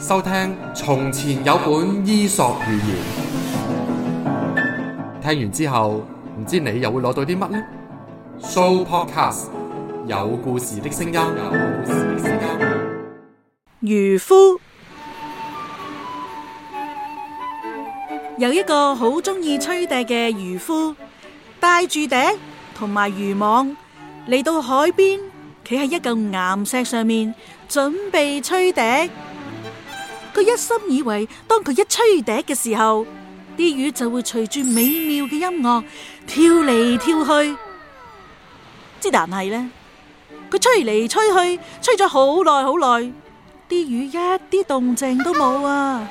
收聽從前有本伊索寓言，聽完之後唔知你又會攞到啲乜呢？Sooo Podcast 有故事的聲音。漁夫。有一個好中意吹笛嘅漁夫，帶住笛同埋漁網嚟到海邊，企喺一嚿岩石上面，準備吹笛。佢一心以為，當佢一吹笛嘅時候，啲魚就會隨住美妙嘅音樂跳嚟跳去。之但係呢，佢吹嚟吹去，吹咗好耐好耐，啲魚一啲動靜都冇啊！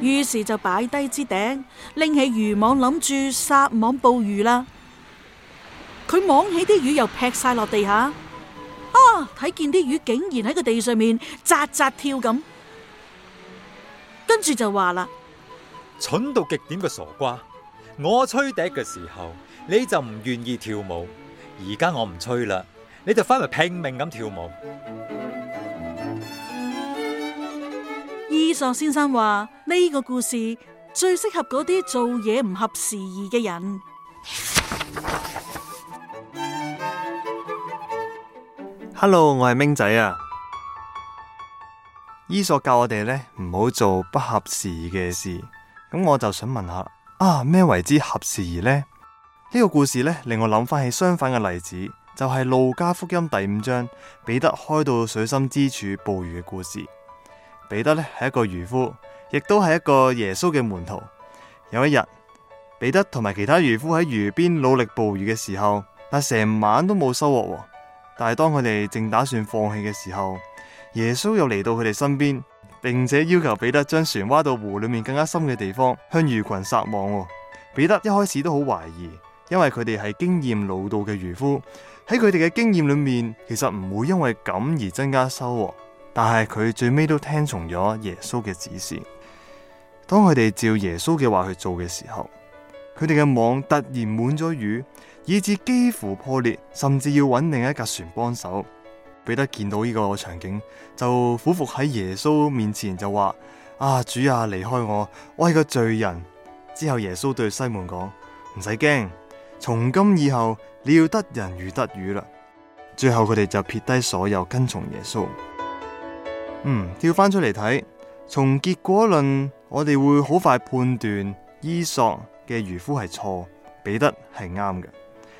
於是就擺低支笛，拎起漁網諗住撒網捕魚啦。佢網起啲魚又劈晒落地下，啊！睇見啲魚竟然喺個地上面扎扎跳咁。跟住就話啦，蠢到極點嘅傻瓜！我吹笛嘅時候你就唔願意跳舞，而家我唔吹啦，你就翻嚟拼命咁跳舞。伊索先生話，呢個故事最適合嗰啲做嘢唔合時宜嘅人。Hello，我係明仔啊。伊索教我哋呢，唔好做不合時宜嘅事，咁我就想問下啊，咩為之合時宜呢？呢、這、呢個故事呢，令我諗返起相反嘅例子，就係、是、路加福音第五章彼得開到水深之處捕魚嘅故事。彼得呢係一個漁夫，亦都係一個耶穌嘅門徒。有一日，彼得同埋其他漁夫喺魚邊努力捕魚嘅時候，但成晚都冇收穫。但係當佢哋正打算放棄嘅時候，耶穌又嚟到佢哋身邊，並且要求彼得將船劃到湖裏面更加深嘅地方，向魚群撒網。彼得一開始都好懷疑，因為佢哋係經驗老道嘅漁夫，喺佢哋嘅經驗裏面，其實唔會因為咁而增加收穫。但係佢最尾都聽從咗耶穌嘅指示。當佢哋照耶穌嘅話去做嘅時候，佢哋嘅網突然滿咗魚，以致幾乎破裂，甚至要揾另一架船幫手。彼得見到呢個場景，就俯伏喺耶穌面前就話：啊主啊，離開我，我係個罪人。之後耶穌對西門講：唔使驚，從今以後你要得人如得魚啦。最後佢哋就撇低所有跟從耶穌。嗯，跳翻出嚟睇，從結果論，我哋會好快判斷伊索嘅漁夫係錯，彼得係啱嘅。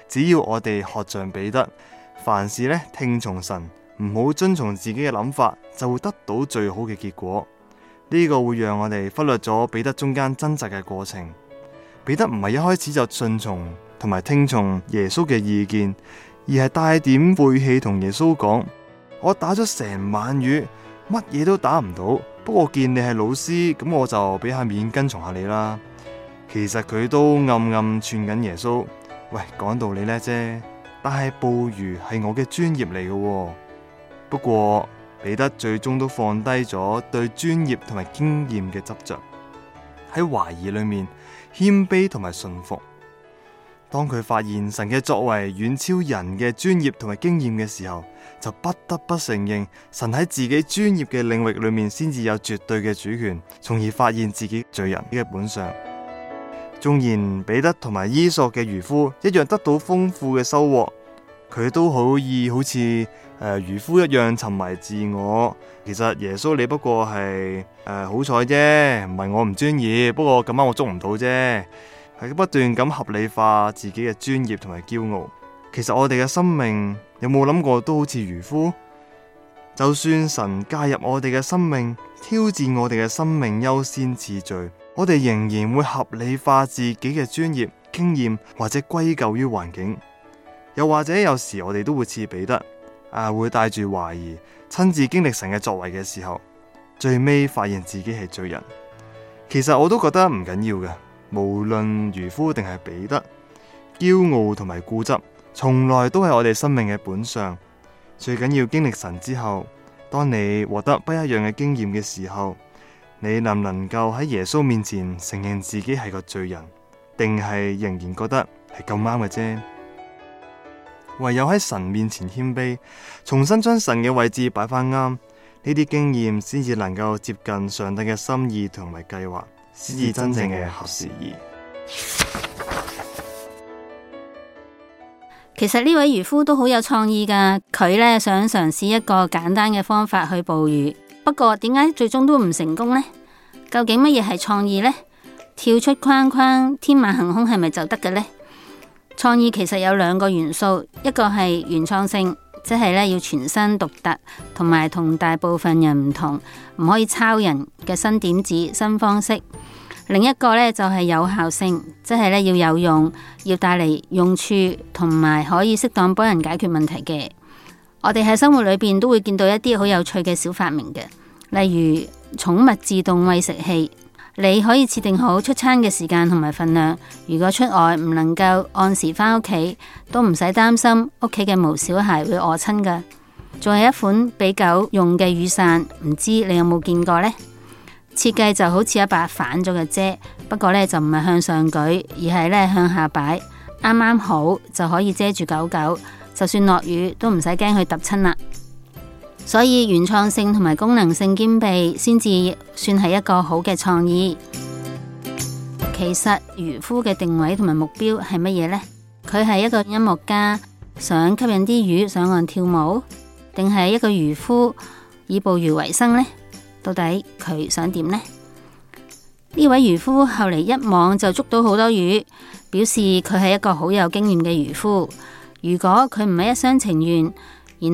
只要我哋學像彼得。凡事咧聽從神，唔好遵從自己嘅諗法，就會得到最好嘅結果。呢、這個會讓我哋忽略咗彼得中間掙扎嘅過程。彼得唔係一開始就順從同埋聽從耶穌嘅意見，而係帶點晦氣同耶穌講：我打咗成晚魚，乜嘢都打唔到。不過見你係老師，咁我就俾下面跟從下你啦。其實佢都暗暗串緊耶穌。喂，講道理呢啫。但係捕魚係我嘅專業嚟嘅。哦，不過彼得最終都放低咗對專業同埋經驗嘅執着，喺懷疑裏面謙卑同埋信服。當佢發現神嘅作為遠超人嘅專業同埋經驗嘅時候，就不得不承認神喺自己專業嘅領域裏面先至有絕對嘅主權，從而發現自己罪人嘅本相。縱然彼得同埋伊索嘅漁夫一樣得到豐富嘅收穫，佢都可以好似誒漁夫一樣沉迷自我。其實耶穌你不過係誒好彩啫，唔、呃、係我唔專業，不過今晚我捉唔到啫，係不斷咁合理化自己嘅專業同埋驕傲。其實我哋嘅生命有冇諗過都好似漁夫，就算神介入我哋嘅生命，挑戰我哋嘅生命優先次序。我哋仍然會合理化自己嘅專業經驗，或者歸咎於環境，又或者有時我哋都會似彼得啊，會帶住懷疑，親自經歷神嘅作為嘅時候，最尾發現自己係罪人。其實我都覺得唔緊要嘅，無論漁夫定係彼得，驕傲同埋固執從來都係我哋生命嘅本相。最緊要經歷神之後，當你獲得不一樣嘅經驗嘅時候。你能唔能夠喺耶穌面前承認自己係個罪人，定係仍然覺得係咁啱嘅啫？唯有喺神面前謙卑，重新將神嘅位置擺返啱，呢啲經驗先至能夠接近上帝嘅心意同埋計劃，先至真正嘅合時宜。其實呢位漁夫都好有創意㗎，佢呢想嘗試一個簡單嘅方法去捕魚。不過點解最終都唔成功呢？究竟乜嘢係創意呢？跳出框框，天馬行空係咪就得嘅呢？創意其實有兩個元素，一個係原創性，即係呢要全新獨特，同埋同大部分人唔同，唔可以抄人嘅新點子、新方式。另一個呢就係有效性，即係呢要有用，要帶嚟用處，同埋可以適當幫人解決問題嘅。我哋喺生活裏邊都會見到一啲好有趣嘅小發明嘅，例如寵物自動餵食器，你可以設定好出餐嘅時間同埋份量。如果出外唔能夠按時返屋企，都唔使擔心屋企嘅毛小孩會餓親噶。仲有一款俾狗用嘅雨傘，唔知你有冇見過呢？設計就好似一把反咗嘅遮，不過呢就唔係向上舉，而係呢向下擺，啱啱好就可以遮住狗狗。就算落雨都唔使驚佢揼親啦，所以原創性同埋功能性兼備，先至算係一個好嘅創意。其實漁夫嘅定位同埋目標係乜嘢呢？佢係一個音樂家，想吸引啲魚上岸跳舞，定係一個漁夫以捕魚為生呢？到底佢想點呢？呢位漁夫後嚟，一網就捉到好多魚，表示佢係一個好有經驗嘅漁夫。如果佢唔係一廂情願，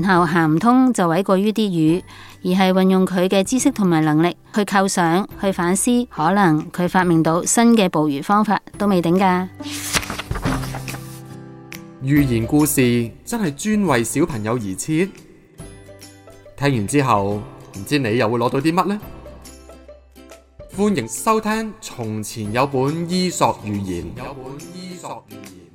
然後行唔通就委過於啲魚，而係運用佢嘅知識同埋能力去構想、去反思，可能佢發明到新嘅捕魚方法都未定㗎。寓言故事真係專為小朋友而設，聽完之後唔知你又會攞到啲乜呢？歡迎收聽《從前有本伊索寓言》。有本伊索寓言。